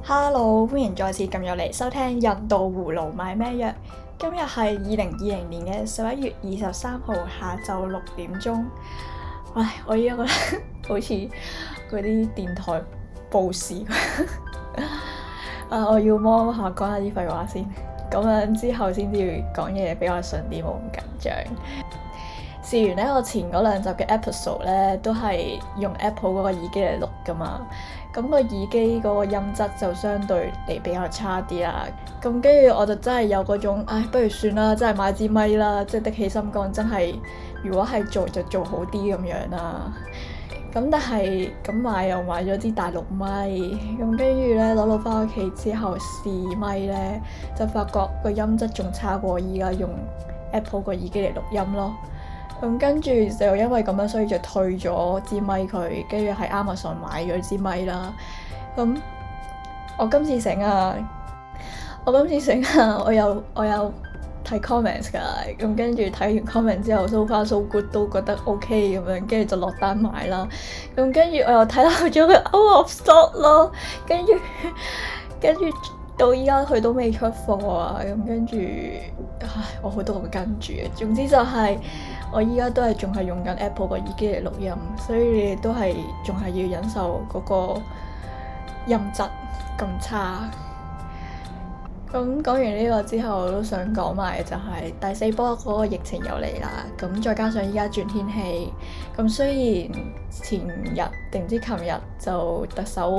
Hello，歡迎再次撳入嚟收聽《印度葫蘆買咩藥》。今日係二零二零年嘅十一月二十三號下晝六點鐘。唉，我依家覺得呵呵好似嗰啲電台報時。呵呵啊！我要摸，摸下，講下啲廢話先，咁 樣之後先至講嘢比較順啲，冇咁緊張。試 完呢，我前嗰兩集嘅 episode 呢都係用 Apple 嗰、那個耳機嚟錄噶嘛，咁個耳機嗰個音質就相對嚟比較差啲啦。咁跟住我就真係有嗰種，唉、哎，不如算啦，真係買支咪啦，即係的起心肝，真係如果係做就做好啲咁樣啦。咁但係咁買又買咗支大陸咪，咁跟住呢，攞到翻屋企之後試咪呢，就發覺個音質仲差過依家用 Apple 個耳機嚟錄音咯。咁跟住就因為咁樣，所以就退咗支咪佢，跟住喺 Amazon 買咗支咪啦。咁、嗯、我今次醒啊，我今次醒啊，我有。我又。睇 comments 㗎，咁跟住睇完 comment 之後 ，so far so good 都覺得 OK 咁樣，跟住就落單買啦。咁跟住我又睇漏咗佢，out of stock 咯，跟住跟住到依家佢都未出貨啊。咁跟住，唉，我好多個跟住啊。總之就係、是、我依家都係仲係用緊 Apple 個耳機嚟錄音，所以你都係仲係要忍受嗰個音質咁差。咁講完呢個之後，我都想講埋就係、是、第四波嗰個疫情又嚟啦。咁再加上依家轉天氣，咁雖然前日定唔知琴日就特首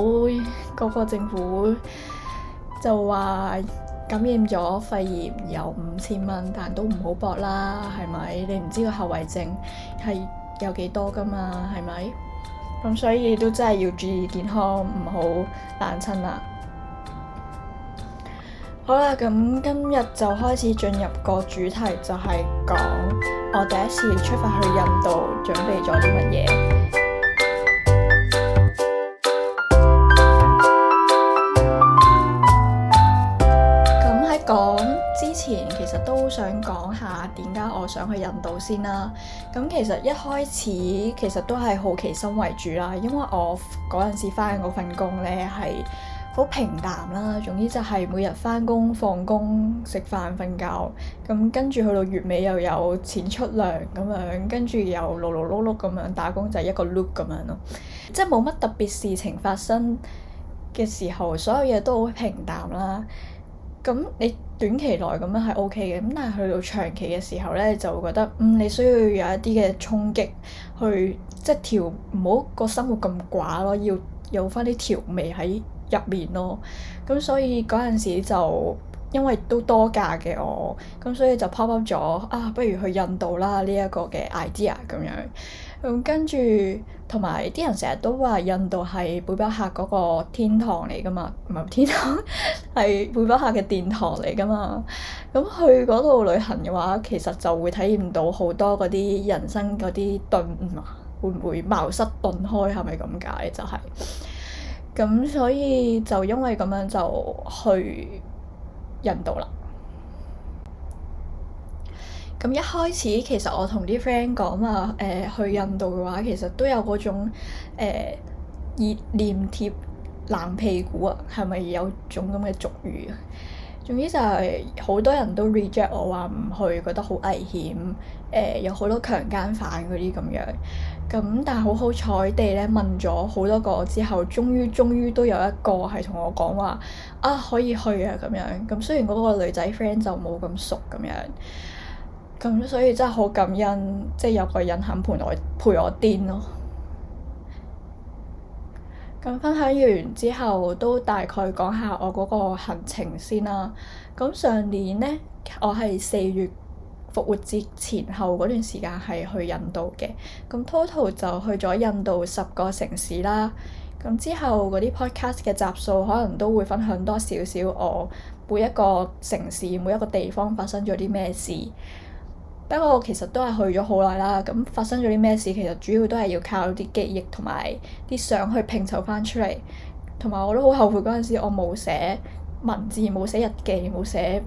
嗰個政府就話感染咗肺炎有五千蚊，但都唔好搏啦，係咪？你唔知個後遺症係有幾多㗎嘛，係咪？咁所以都真係要注意健康，唔好冷親啦。好啦，咁今日就開始進入個主題，就係講我第一次出發去印度準備咗啲乜嘢。咁喺講之前，其實都想講下點解我想去印度先啦。咁其實一開始其實都係好奇心為主啦，因為我嗰陣時翻嘅份工呢係。好平淡啦，總之就係每日翻工、放工、食飯、瞓覺咁，跟住去到月尾又有錢出糧咁樣，跟住又勞勞碌碌咁樣打工，就係一個 loop 咁樣咯。即係冇乜特別事情發生嘅時候，所有嘢都好平淡啦。咁你短期內咁樣係 OK 嘅，咁但係去到長期嘅時候咧，就會覺得嗯你需要有一啲嘅衝擊去即係調唔好個生活咁寡咯，要有翻啲調味喺入面咯，咁所以嗰陣時就因為都多假嘅我，咁所以就拋拋咗啊，不如去印度啦呢一個嘅 idea 咁樣，咁、嗯、跟住同埋啲人成日都話印度係背包客嗰個天堂嚟噶嘛，唔係天堂係背包客嘅殿堂嚟噶嘛，咁去嗰度旅行嘅話，其實就會體驗到好多嗰啲人生嗰啲頓悟啊，會唔會茅塞頓開？係咪咁解？就係、是？咁所以就因為咁樣就去印度啦。咁一開始其實我同啲 friend 講啊，誒、呃、去印度嘅話，其實都有嗰種誒、呃、熱臉貼冷屁股啊，係咪有種咁嘅俗語啊？總之就係好多人都 reject 我話唔去，覺得好危險，誒、呃、有好多強姦犯嗰啲咁樣。咁但係好好彩地咧，問咗好多個之後，終於終於都有一個係同我講話啊，可以去啊咁樣。咁雖然嗰個女仔 friend 就冇咁熟咁樣，咁所以真係好感恩，即係有個人肯陪我陪我癲咯。咁分享完之後，都大概講下我嗰個行程先啦。咁上年咧，我係四月，復活節前後嗰段時間係去印度嘅，咁 total 就去咗印度十個城市啦。咁之後嗰啲 podcast 嘅集數可能都會分享多少少我每一個城市、每一個地方發生咗啲咩事。不過其實都係去咗好耐啦。咁發生咗啲咩事，其實主要都係要靠啲記憶同埋啲相去拼湊翻出嚟。同埋我都好後悔嗰陣時我冇寫文字，冇寫日記，冇寫，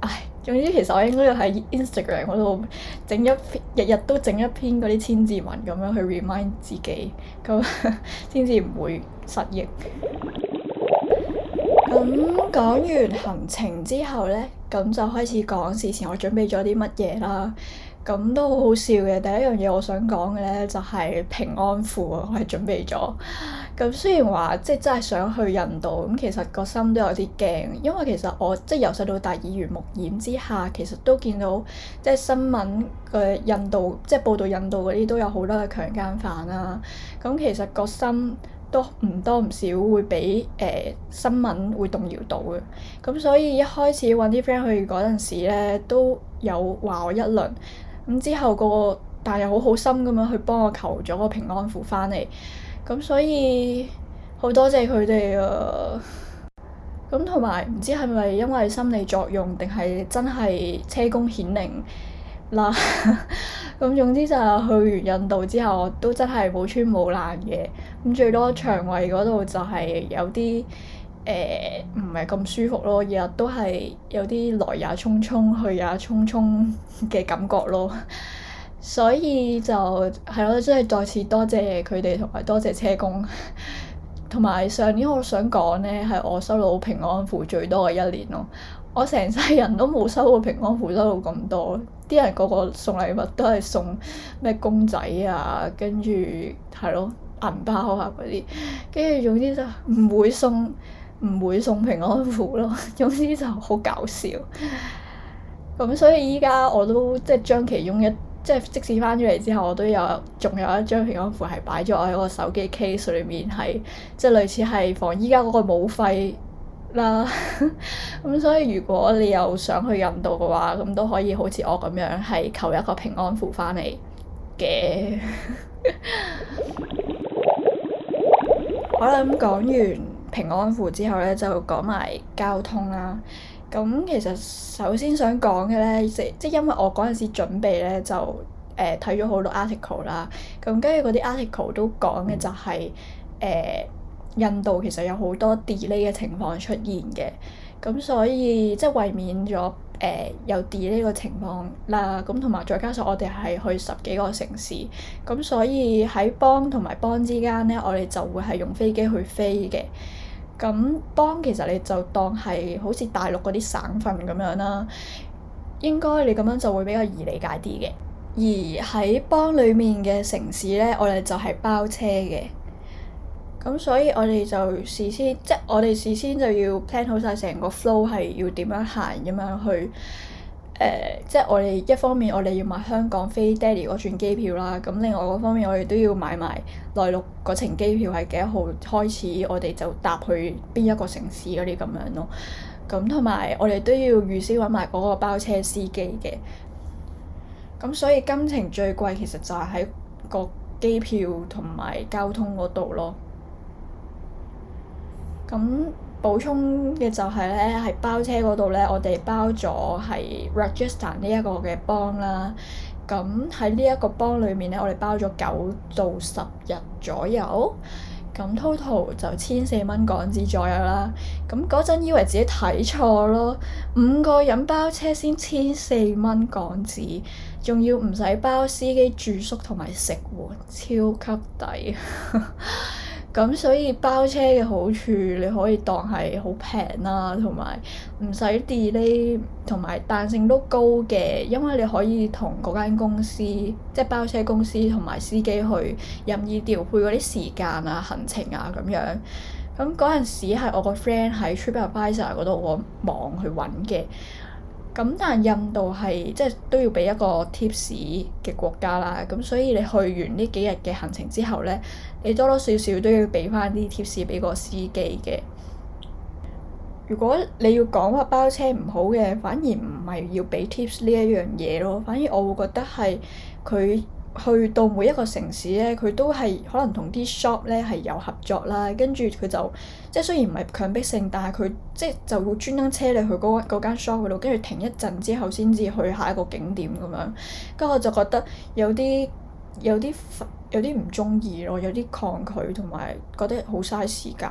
唉。總之，其實我應該要喺 Instagram 嗰度整一日日都整一篇嗰啲千字文咁樣去 remind 自己，咁先至唔會失憶。咁 講完行程之後呢，咁就開始講事前我準備咗啲乜嘢啦。咁都好好笑嘅。第一樣嘢我想講嘅呢，就係、是、平安符啊，我係準備咗。咁雖然話即係真係想去印度，咁其實個心都有啲驚，因為其實我即係由細到大耳濡目染之下，其實都見到即係新聞嘅印度，即係報道印度嗰啲都有好多嘅強奸犯啦。咁其實個心都唔多唔少會俾誒、呃、新聞會動搖到嘅。咁所以一開始揾啲 friend 去嗰陣時呢，都有話我一輪。咁之後個，大又好好心咁樣去幫我求咗個平安符翻嚟，咁所以好多謝佢哋啊！咁同埋唔知係咪因為心理作用定係真係車公顯靈啦？咁、啊、 總之就係去完印度之後，我都真係冇穿冇爛嘅，咁最多腸胃嗰度就係有啲，誒唔係咁舒服咯，日日都係有啲來也匆匆去也匆匆嘅感覺咯。 所以就係咯，真係、即係、再次多謝佢哋同埋多謝車公。同 埋上年我想講呢，係我收到平安符最多嘅一年咯。我成世人都冇收過平安符收到咁多，啲人個個送禮物都係送咩公仔啊，跟住係咯銀包啊嗰啲，跟住總之就唔會送。唔會送平安符咯，總之就好搞笑。咁所以依家我都即係將其中一即係即使翻咗嚟之後，我都有仲有一張平安符係擺咗喺我手機 case 裏面，係即係類似係防依家嗰個冇費啦。咁 所以如果你又想去印度嘅話，咁都可以好似我咁樣係求一個平安符翻嚟嘅。 好啦，我諗講完。平安符之後咧，就講埋交通啦。咁其實首先想講嘅咧，即即因為我嗰陣時準備咧，就誒睇咗好多 article 啦。咁跟住嗰啲 article 都講嘅就係、是、誒、呃、印度其實有好多 delay 嘅情況出現嘅。咁所以即為免咗。誒有啲呢個情況啦，咁同埋再加上我哋係去十幾個城市，咁所以喺邦同埋邦之間呢，我哋就會係用飛機去飛嘅。咁邦其實你就當係好似大陸嗰啲省份咁樣啦，應該你咁樣就會比較易理解啲嘅。而喺邦裡面嘅城市呢，我哋就係包車嘅。咁所以我哋就事先，即係我哋事先就要 plan 好晒成個 flow 係要點樣行咁樣去誒、呃，即係我哋一方面我哋要買香港飛爹哋嗰轉機票啦，咁另外嗰方面我哋都要買埋內陸嗰程機票係幾多號開始，我哋就搭去邊一個城市嗰啲咁樣咯。咁同埋我哋都要預先揾埋嗰個包車司機嘅。咁所以金程最貴其實就係喺個機票同埋交通嗰度咯。咁補充嘅就係呢，係包車嗰度呢，我哋包咗係 Rajasthan 呢一個嘅邦啦。咁喺呢一個邦裏面呢，我哋包咗九到十日左右。咁 total 就千四蚊港紙左右啦。咁嗰陣以為自己睇錯咯，五個人包車先千四蚊港紙，仲要唔使包司機住宿同埋食物，超級抵。 咁所以包車嘅好處，你可以當係好平啦，同埋唔使 delay，同埋彈性都高嘅，因為你可以同嗰間公司，即係包車公司同埋司機去任意調配嗰啲時間啊、行程啊咁樣。咁嗰陣時係我個 friend 喺 TripAdvisor 嗰度個網去揾嘅。咁但係印度係即係都要畀一個 tips 嘅國家啦，咁所以你去完呢幾日嘅行程之後咧，你多多少少都要畀翻啲 tips 俾個司機嘅。如果你要講話包車唔好嘅，反而唔係要畀 tips 呢一樣嘢咯，反而我會覺得係佢。去到每一個城市咧，佢都係可能同啲 shop 咧係有合作啦，跟住佢就即係雖然唔係強迫性，但係佢即係就會專登車你去嗰間 shop 嗰度，跟住停一陣之後先至去下一個景點咁樣。跟住我就覺得有啲有啲有啲唔中意咯，有啲抗拒同埋覺得好嘥時間。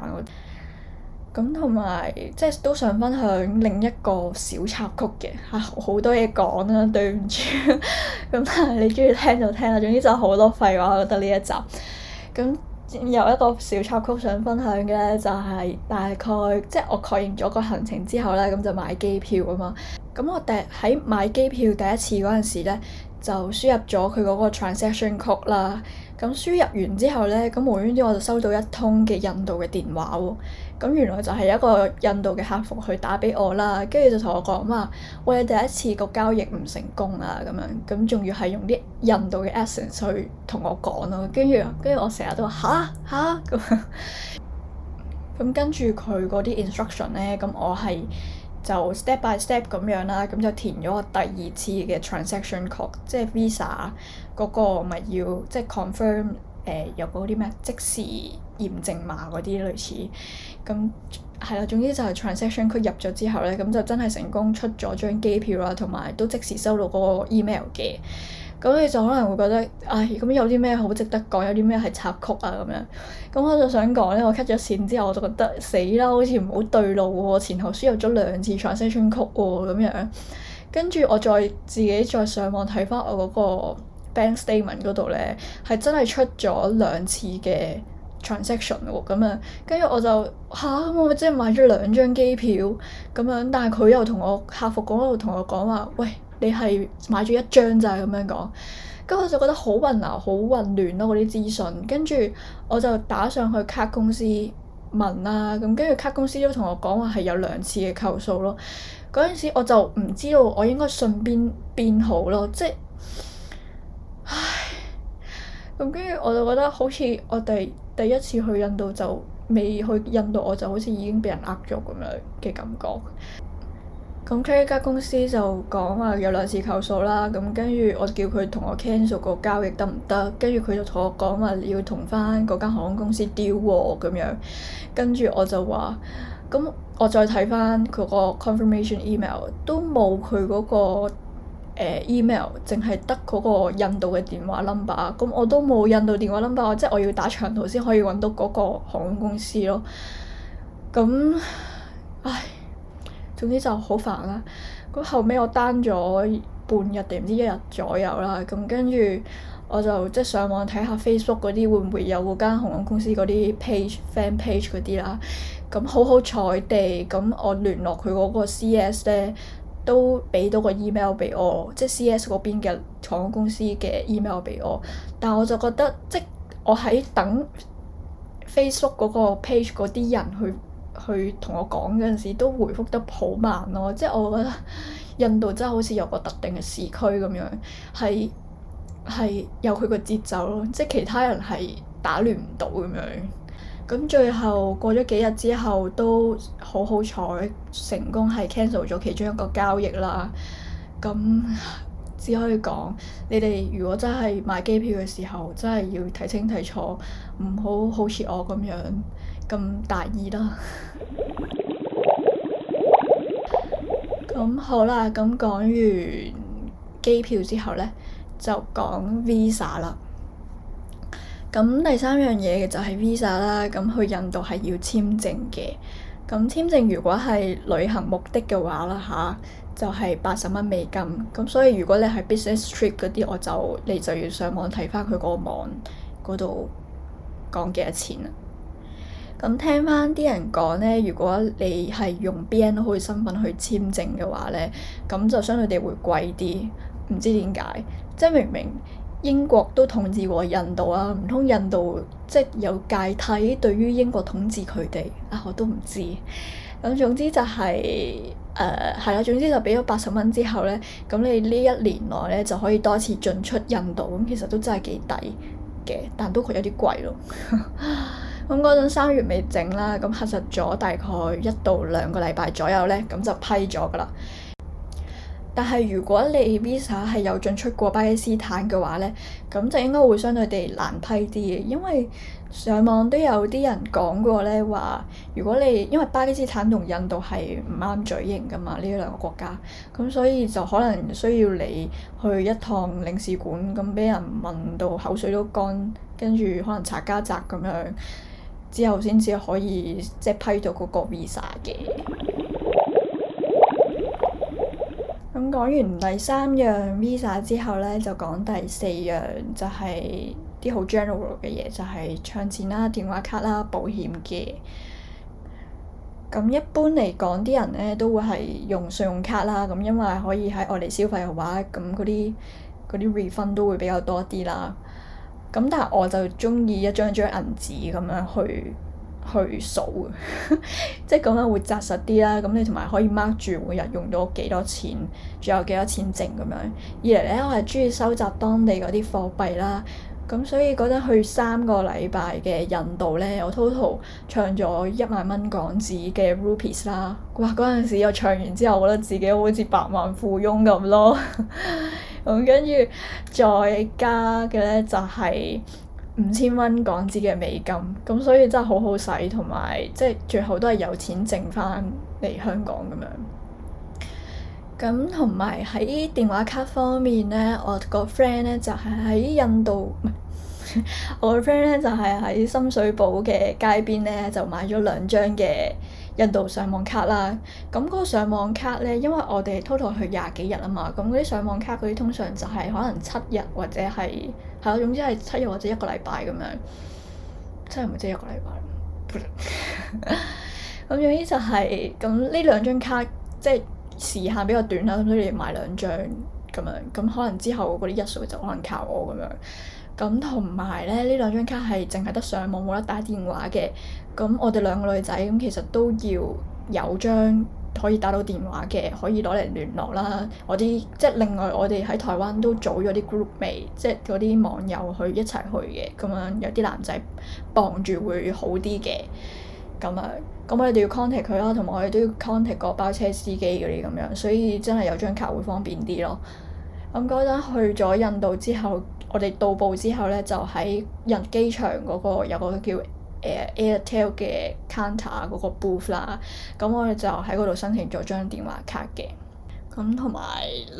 咁同埋，即係都想分享另一個小插曲嘅嚇，好多嘢講啦，對唔住。咁但係你中意聽就聽啦。總之就好多廢話，我覺得呢一集。咁有一個小插曲想分享嘅咧，就係大概即係我確認咗個行程之後咧，咁就買機票啊嘛。咁我第喺買機票第一次嗰陣時咧，就輸入咗佢嗰個 transaction code 啦。咁輸入完之後咧，咁無端端我就收到一通嘅印度嘅電話喎。咁原來就係一個印度嘅客服去打畀我啦，跟住就同我講話，喂，你第一次個交易唔成功啊，咁樣，咁仲要係用啲印度嘅 accent 去同我講咯，跟住，跟住我成日都話「吓？吓？」咁，跟住佢嗰啲 instruction 咧，咁我係就 step by step 咁樣啦，咁就填咗個第二次嘅 transaction code，即係 Visa 嗰個咪要即係 confirm。誒有嗰啲咩即時驗證碼嗰啲類似，咁係啦，總之就係 transaction code 入咗之後咧，咁就真係成功出咗張機票啦、啊，同埋都即時收到嗰個 email 嘅。咁你就可能會覺得，唉、哎，咁有啲咩好值得講？有啲咩係插曲啊咁樣。咁我就想講咧，我 cut 咗線之後，我就覺得死啦，好似唔好對路喎、啊，前後輸入咗兩次 transaction code 喎、啊、咁樣。跟住我再自己再上網睇翻我嗰、那個。Bank statement 嗰度咧，係真係出咗兩次嘅 transaction 咁樣，跟住我就嚇，啊，我咪即係買咗兩張機票咁樣，但係佢又同我客服嗰度同我講話，喂，你係買咗一張，就係咁樣講。咁我就覺得好混淆，好混亂咯。嗰啲資訊，跟住我就打上去卡公司問啦。咁跟住卡公司都同我講話，係有兩次嘅扣數咯。嗰陣時，我就唔知道我應該信邊邊好咯，即係。咁跟住我就覺得好似我第第一次去印度就未去印度，我就好似已經俾人呃咗咁樣嘅感覺。咁佢一間公司就講話有兩次扣數啦，咁跟住我叫佢同我 cancel 個交易得唔得？跟住佢就同我講話要同翻嗰間航空公司 deal 喎，咁樣。跟住我就話，咁我再睇翻佢個 confirmation email 都冇佢嗰個。Uh, email 淨係得嗰個印度嘅電話 number，咁我都冇印度電話 number，即係我要打長途先可以揾到嗰個航空公司咯。咁，唉，總之就好煩啦，啊。咁後尾我單咗半日定唔知一日左右啦。咁跟住我就即係上網睇下 Facebook 嗰啲會唔會有嗰間航空公司嗰啲 page、fan page 嗰啲啦。咁好好彩地，咁我聯絡佢嗰個 CS 咧。都俾到個 email 俾我，即係 CS 嗰邊嘅廠公司嘅 email 俾我，但我就覺得即我喺等 Facebook 嗰個 page 嗰啲人去去同我講嗰陣時，都回覆得好慢咯。即係我覺得印度真係好似有個特定嘅市區咁樣，係係有佢個節奏咯。即係其他人係打亂唔到咁樣。咁最後過咗幾日之後，都好好彩，成功係 cancel 咗其中一個交易啦。咁只可以講，你哋如果真係買機票嘅時候，真係要睇清睇楚，唔好好似我咁樣咁大意啦。咁 好啦，咁講完機票之後呢，就講 Visa 啦。咁第三樣嘢嘅就係 visa 啦，咁去印度係要簽證嘅。咁簽證如果係旅行目的嘅話啦吓、啊，就係八十蚊美金。咁所以如果你係 business trip 嗰啲，我就你就要上網睇翻佢個網嗰度講幾多錢啦、啊。咁聽翻啲人講咧，如果你係用 BNO 嘅身份去簽證嘅話咧，咁就相對地會貴啲，唔知點解，即係明明。英國都統治過印度啊，唔通印度即係有芥蒂對於英國統治佢哋啊？我都唔知。咁總之就係誒係啦，總之就俾咗八十蚊之後咧，咁你呢一年內咧就可以多次進出印度，咁其實都真係幾抵嘅，但都佢有啲貴咯。咁嗰陣三月未整啦，咁核實咗大概一到兩個禮拜左右咧，咁就批咗㗎啦。但係如果你 visa 係有進出過巴基斯坦嘅話呢，咁就應該會相對地難批啲嘅，因為上網都有啲人講過呢話，如果你因為巴基斯坦同印度係唔啱嘴型㗎嘛，呢兩個國家，咁所以就可能需要你去一趟領事館，咁俾人問到口水都乾，跟住可能查家宅咁樣，之後先至可以即係批到嗰個 visa 嘅。講完第三樣 Visa 之後呢，就講第四樣就係啲好 general 嘅嘢，就係唱錢啦、電話卡啦、保險嘅。咁一般嚟講，啲人呢都會係用信用卡啦。咁因為可以喺外地消費嘅話，咁嗰啲嗰啲 refund 都會比較多啲啦。咁但係我就中意一張張銀紙咁樣去。去數，即係咁樣會紮實啲啦。咁你同埋可以 mark 住每日用咗幾多錢，仲有幾多錢剩咁樣。二嚟咧，我係中意收集當地嗰啲貨幣啦。咁所以嗰陣去三個禮拜嘅印度咧，我 total 唱咗一萬蚊港紙嘅 Rupees 啦。哇！嗰陣時我唱完之後，我覺得自己好似百萬富翁咁咯。咁跟住再加嘅咧就係、是。五千蚊港紙嘅美金，咁所以真係好好使，同埋即係最後都係有錢剩翻嚟香港咁樣。咁同埋喺電話卡方面呢，我個 friend 呢就係喺印度， 我個 friend 呢就係喺深水埗嘅街邊呢，就買咗兩張嘅印度上網卡啦，咁嗰、嗰個上網卡咧，因為我哋 total 去廿幾日啊嘛，咁嗰啲上網卡嗰啲通常就係可能七日或者係係咯，總之係七日或者一個禮拜咁樣，真係唔會即係一個禮拜。咁 總之就係咁呢兩張卡即係時限比較短啦，咁所以你買兩張咁樣，咁可能之後嗰啲日數就可能靠我咁樣。咁同埋咧，呢兩張卡係淨係得上網，冇得打電話嘅。咁我哋兩個女仔咁，其實都要有張可以打到電話嘅，可以攞嚟聯絡啦。我啲即係另外，我哋喺台灣都組咗啲 group 未，即係嗰啲網友去一齊去嘅。咁樣有啲男仔傍住會好啲嘅。咁啊，咁我哋要 contact 佢啦，同埋我哋都要 contact 個包車司機嗰啲咁樣。所以真係有張卡會方便啲咯。咁嗰陣去咗印度之後，我哋到步之後咧，就喺人機場嗰、那個有個叫誒、呃、Airtel 嘅 counter 嗰個 booth 啦。咁我哋就喺嗰度申請咗張電話卡嘅。咁同埋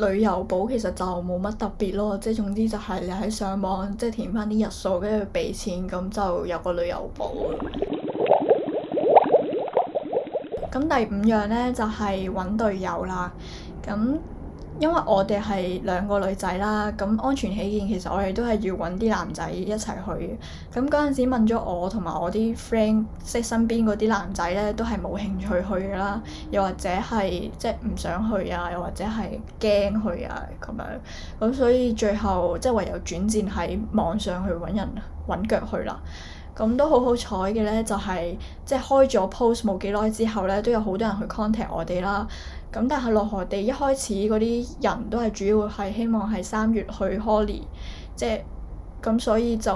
旅遊保其實就冇乜特別咯，即係總之就係你喺上網即係填返啲日數，跟住俾錢，咁就有個旅遊保。咁第五樣咧就係、是、揾隊友啦。咁因為我哋係兩個女仔啦，咁安全起見，其實我哋都係要揾啲男仔一齊去嘅。咁嗰陣時問咗我同埋我啲 friend，即身邊嗰啲男仔呢，都係冇興趣去啦，又或者係即唔想去啊，又或者係驚去啊咁樣。咁所以最後即唯有轉戰喺網上去揾人揾腳去啦。咁都好好彩嘅呢，就係即開咗 post 冇幾耐之後呢，都有好多人去 contact 我哋啦。咁但係落河地一開始嗰啲人都係主要係希望係三月去 Holly，即係咁，所以就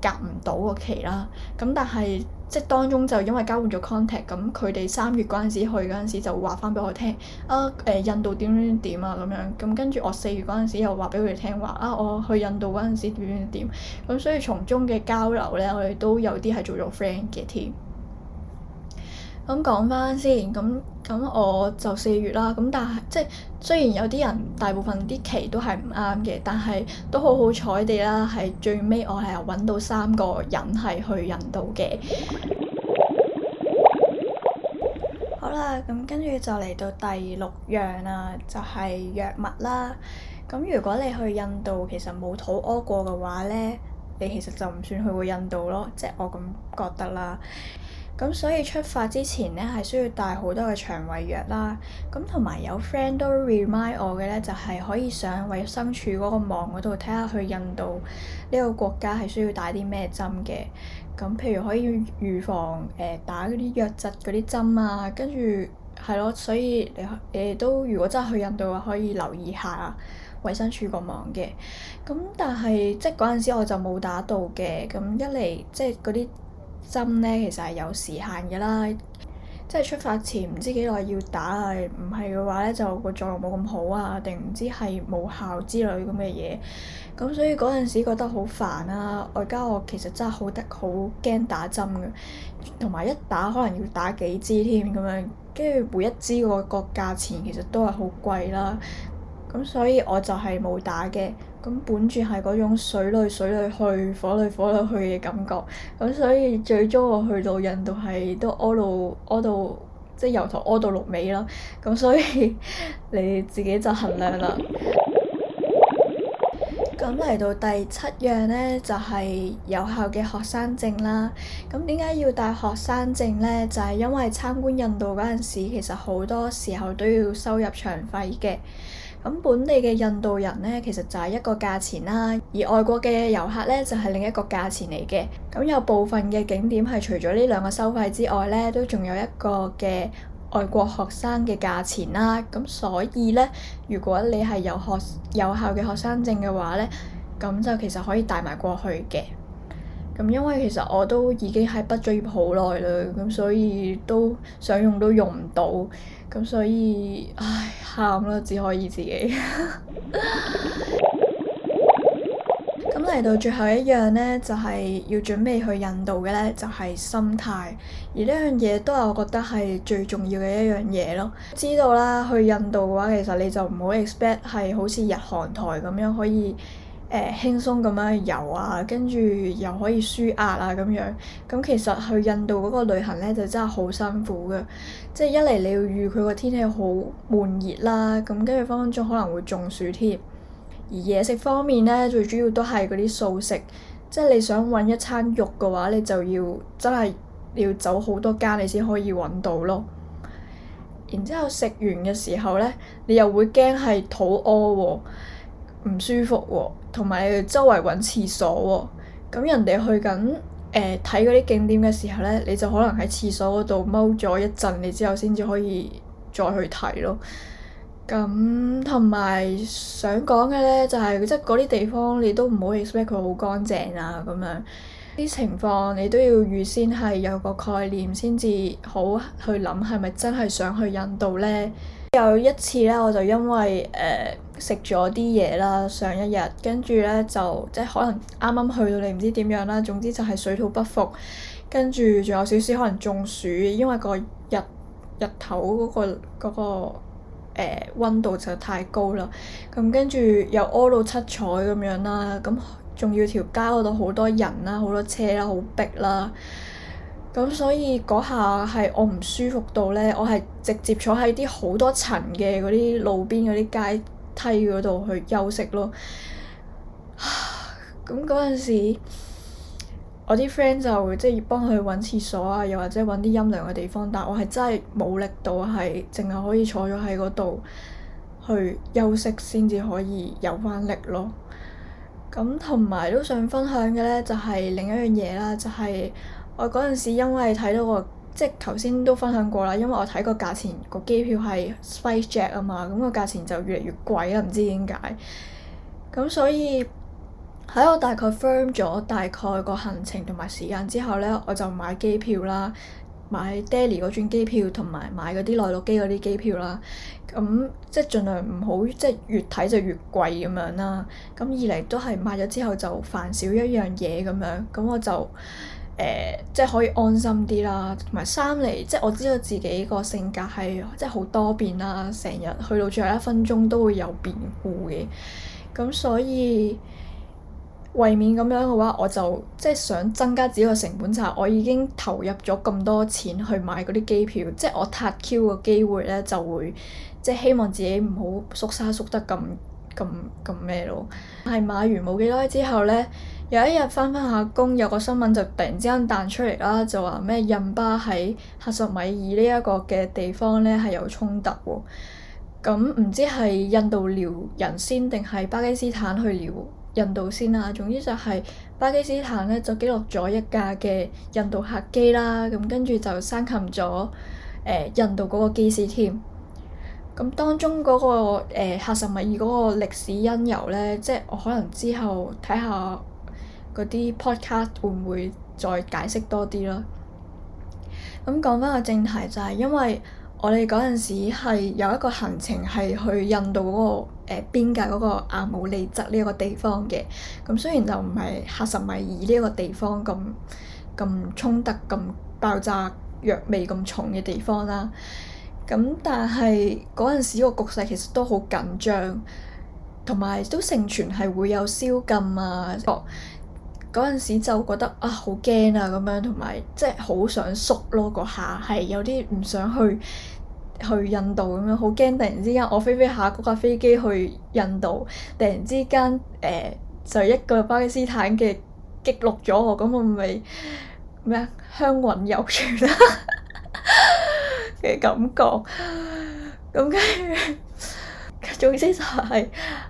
夾唔到個期啦。咁但係即係當中就因為交換咗 contact，咁佢哋三月嗰陣時去嗰陣時就會話翻俾我聽，啊誒、欸、印度點點點啊咁樣。咁跟住我四月嗰陣時又話俾佢哋聽話，啊我去印度嗰陣時點點點。咁所以從中嘅交流咧，我哋都有啲係做咗 friend 嘅添。咁講返先，咁咁我就四月啦，咁但係即係雖然有啲人大部分啲期都係唔啱嘅，但係都好好彩地啦，係最尾我係揾到三個人係去印度嘅。 好啦，咁跟住就嚟到第六樣啦，就係藥物啦。咁如果你去印度其實冇肚屙過嘅話呢，你其實就唔算去過印度咯，即係我咁覺得啦。咁所以出發之前咧，係需要帶好多嘅腸胃藥啦。咁同埋有 friend 都 remind 我嘅咧，就係、是、可以上衛生署嗰個網嗰度睇下去印度呢個國家係需要打啲咩針嘅。咁譬如可以預防誒、呃、打嗰啲藥劑嗰啲針啊，跟住係咯。所以你哋都如果真係去印度嘅話，可以留意下衛生署的網的個網嘅。咁但係即係嗰陣時我就冇打到嘅。咁一嚟即係嗰啲針咧，其實係有時限㗎啦，即係出發前唔知幾耐要打啊，唔係嘅話咧就個作用冇咁好啊，定唔知係冇效之類咁嘅嘢。咁所以嗰陣時覺得好煩啦、啊，外加我其實真係好得好驚打針嘅，同埋一打可能要打幾支添咁樣，跟住每一支個個價錢其實都係好貴啦。咁所以我就係冇打嘅。咁本住係嗰種水裏水裏去，火裏火裏去嘅感覺，咁所以最終我去到印度係都屙到屙到，即係由頭屙到落尾啦。咁所以你自己就衡量啦。咁嚟 到第七樣呢，就係、是、有效嘅學生證啦。咁點解要帶學生證呢？就係、是、因為參觀印度嗰陣時，其實好多時候都要收入場費嘅。咁本地嘅印度人呢，其實就係一個價錢啦；而外國嘅遊客呢，就係另一個價錢嚟嘅。咁有部分嘅景點係除咗呢兩個收費之外呢，都仲有一個嘅外國學生嘅價錢啦。咁所以呢，如果你係有學有效嘅學生證嘅話呢，咁就其實可以帶埋過去嘅。咁因為其實我都已經喺畢咗業好耐啦，咁所以都想用都用唔到。咁所以，唉，喊啦，只可以自己。咁 嚟到最後一樣呢，就係要準備去印度嘅呢，就係心態。而呢樣嘢都係我覺得係最重要嘅一樣嘢咯。知道啦，去印度嘅話，其實你就唔好 expect 係好似日韓台咁樣可以。誒、欸、輕鬆咁樣遊啊，跟住又可以舒壓啊，咁樣，咁其實去印度嗰個旅行咧就真係好辛苦嘅，即係一嚟你要預佢個天氣好悶熱啦，啊，咁跟住分分鐘可能會中暑添。而嘢食方面咧，最主要都係嗰啲素食，即係你想揾一餐肉嘅話，你就要真係要走好多間，你先可以揾到咯。然之後食完嘅時候咧，你又會驚係肚屙喎，啊，唔舒服喎，啊。同埋你周圍揾廁所喎、哦，咁人哋去緊誒睇嗰啲景點嘅時候呢，你就可能喺廁所嗰度踎咗一陣，你之後先至可以再去睇咯。咁同埋想講嘅呢，就係即係嗰啲地方你都唔好 expect 佢好乾淨啊咁樣，啲情況你都要預先係有個概念先至好去諗，係咪真係想去印度呢？有一次呢，我就因為誒，呃食咗啲嘢啦，上一日跟住咧就即係可能啱啱去到，你唔知點樣啦。總之就係水土不服，跟住仲有少少可能中暑，因為個日日頭嗰個嗰個、呃、溫度就太高啦。咁跟住又屙到七彩咁樣啦，咁、嗯、仲要條街嗰度好多人啦，好多車啦，好逼啦。咁、嗯、所以嗰下係我唔舒服到咧，我係直接坐喺啲好多塵嘅嗰啲路邊嗰啲街。梯嗰度去休息咯，咁嗰陣時，我啲 friend 就即係幫佢揾廁所啊，又或者揾啲陰涼嘅地方。但我係真係冇力到，係淨係可以坐咗喺嗰度去休息，先至可以有翻力咯。咁同埋都想分享嘅呢，就係另一樣嘢啦，就係我嗰陣時因為睇到個。即係頭先都分享過啦，因為我睇個價錢個機票係 SpiceJet 啊嘛，咁個價錢就越嚟越貴啦，唔知點解。咁所以喺我大概 firm 咗大概個行程同埋時間之後咧，我就買機票啦，買 Delhi 嗰轉機票同埋買嗰啲內陸機嗰啲機票啦。咁即係盡量唔好，即係越睇就越貴咁樣啦。咁二嚟都係買咗之後就煩少一樣嘢咁樣，咁我就。誒、呃，即係可以安心啲啦，同埋三嚟，即係我知道自己個性格係即係好多變啦，成日去到最後一分鐘都會有變故嘅，咁所以為免咁樣嘅話，我就即係想增加自己個成本，就係我已經投入咗咁多錢去買嗰啲機票，即係我撻 Q 嘅機會呢，就會，即係希望自己唔好縮沙縮得咁。咁咁咩咯？係買完冇幾耐之後呢，有一日翻返下工，有個新聞就突然之間彈出嚟啦，就話咩印巴喺克什米爾呢一個嘅地方呢係有衝突喎。咁、嗯、唔知係印度撩人先定係巴基斯坦去撩印度先啦、啊。總之就係巴基斯坦呢，就擊落咗一架嘅印度客機啦。咁、嗯、跟住就生擒咗印度嗰個機師添。咁當中嗰、那個喀什、呃、米爾嗰個歷史因由咧，即係我可能之後睇下嗰啲 podcast 會唔會再解釋多啲咯。咁講翻個正題就係、是、因為我哋嗰陣時係有一個行程係去印度嗰、那個誒、呃、邊界嗰個阿姆利則呢一個地方嘅。咁雖然就唔係喀什米爾呢一個地方咁咁衝突、咁爆炸、藥味咁重嘅地方啦。咁但係嗰陣時個局勢其實都好緊張，同埋都盛傳係會有宵禁啊！嗰陣時就覺得啊好驚啊咁樣，同埋即係好想縮咯嗰下，係有啲唔想去去印度咁樣，好驚！突然之間我飛飛下嗰架飛機去印度，突然之間誒、呃、就一個巴基斯坦嘅擊落咗我，咁我咪咩啊香雲遊船啊！ 嘅感覺，咁跟住，總之就係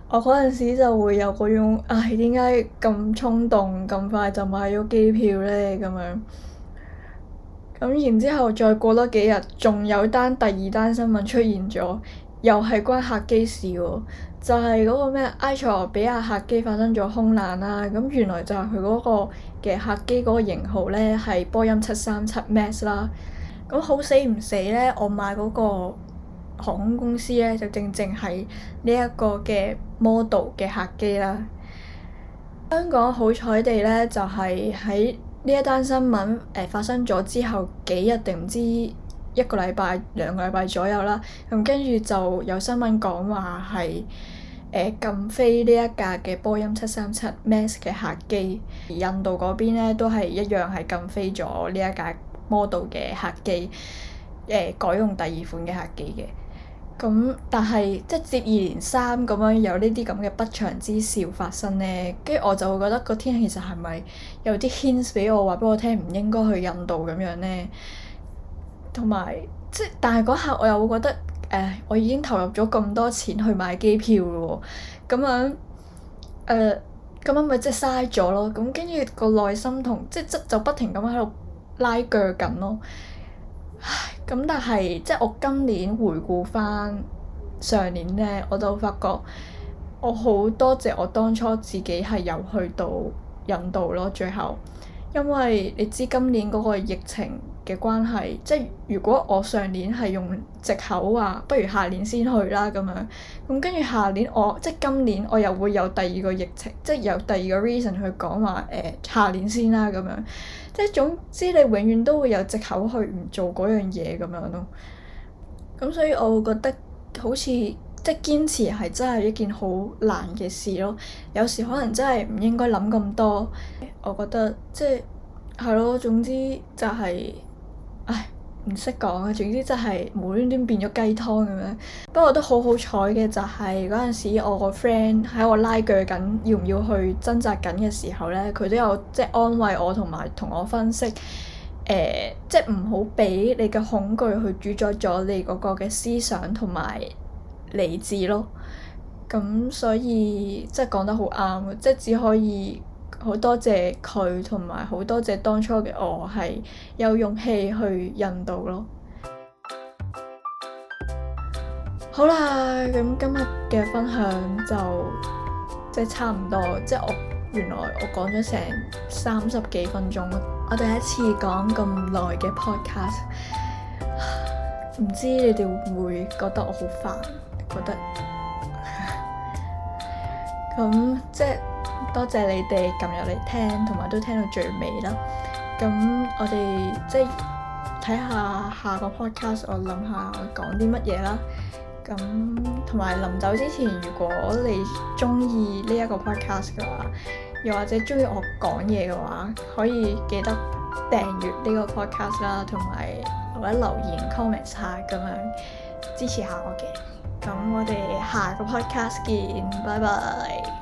我嗰陣時就會有嗰種，唉，點解咁衝動咁快就買咗機票呢？咁樣，咁然之後再過多幾日，仲有單第二單新聞出現咗，又係關客機事喎，就係嗰個咩埃塞俄比亞客機發生咗空難啦。咁原來就係佢嗰個嘅客機嗰個型號呢，係波音七三七 MAX 啦。咁好死唔死呢？我買嗰個航空公司呢，就正正係呢一個嘅 model 嘅客機啦。香港好彩地呢，就係喺呢一單新聞誒發生咗之後幾日定唔知一個禮拜兩個禮拜左右啦。咁跟住就有新聞講話係誒禁飛呢一架嘅波音七三七 MAX 嘅客機，而印度嗰邊呢都係一樣係禁飛咗呢一架。model 嘅客機，誒、呃、改用第二款嘅客機嘅，咁但係即係接二連三咁樣有呢啲咁嘅不祥之兆發生呢。跟住我就會覺得個天氣其實係咪有啲 hints 俾我話俾我聽，唔應該去印度咁樣呢？同埋即係但係嗰刻我又會覺得，誒、呃、我已經投入咗咁多錢去買機票、呃、咯，咁樣，誒咁樣咪即係嘥咗咯，咁跟住個內心同即係就不停咁喺度，拉腳緊咯，咁但係即係我今年回顧返上年呢，我就發覺我好多謝我當初自己係有去到印度咯。最後，因為你知今年嗰個疫情嘅關係，即係如果我上年係用藉口話，不如下年先去啦咁樣，咁跟住下年我即係今年我又會有第二個疫情，即係有第二個 reason 去講話誒下年先啦咁樣，即係總之你永遠都會有藉口去唔做嗰樣嘢咁樣咯。咁所以我會覺得好似即係堅持係真係一件好難嘅事咯。有時可能真係唔應該諗咁多，我覺得即係係咯，總之就係、是。唔識講啊！總之即係無端端變咗雞湯咁樣。不過都好好彩嘅就係嗰陣時，我個 friend 喺我拉鋸緊，要唔要去掙扎緊嘅時候呢，佢都有即係安慰我同埋同我分析，誒、呃、即係唔好俾你嘅恐懼去主宰咗你嗰個嘅思想同埋理智咯。咁所以即係講得好啱啊！即係只可以。好多謝佢，同埋好多謝當初嘅我，係有勇氣去印度咯。好啦，咁今日嘅分享就即係差唔多，即係我原來我講咗成三十幾分鐘，我第一次講咁耐嘅 podcast，唔知你哋會唔會覺得我好煩？覺得咁 即係。多謝你哋撳入嚟聽，同埋都聽到最尾啦。咁我哋即係睇下下個 podcast，我諗下我講啲乜嘢啦。咁同埋臨走之前，如果你中意呢一個 podcast 嘅話，又或者中意我講嘢嘅話，可以記得訂閱呢個 podcast 啦，同埋或者留言 comment 下咁樣支持下我嘅。咁我哋下個 podcast 見，拜拜。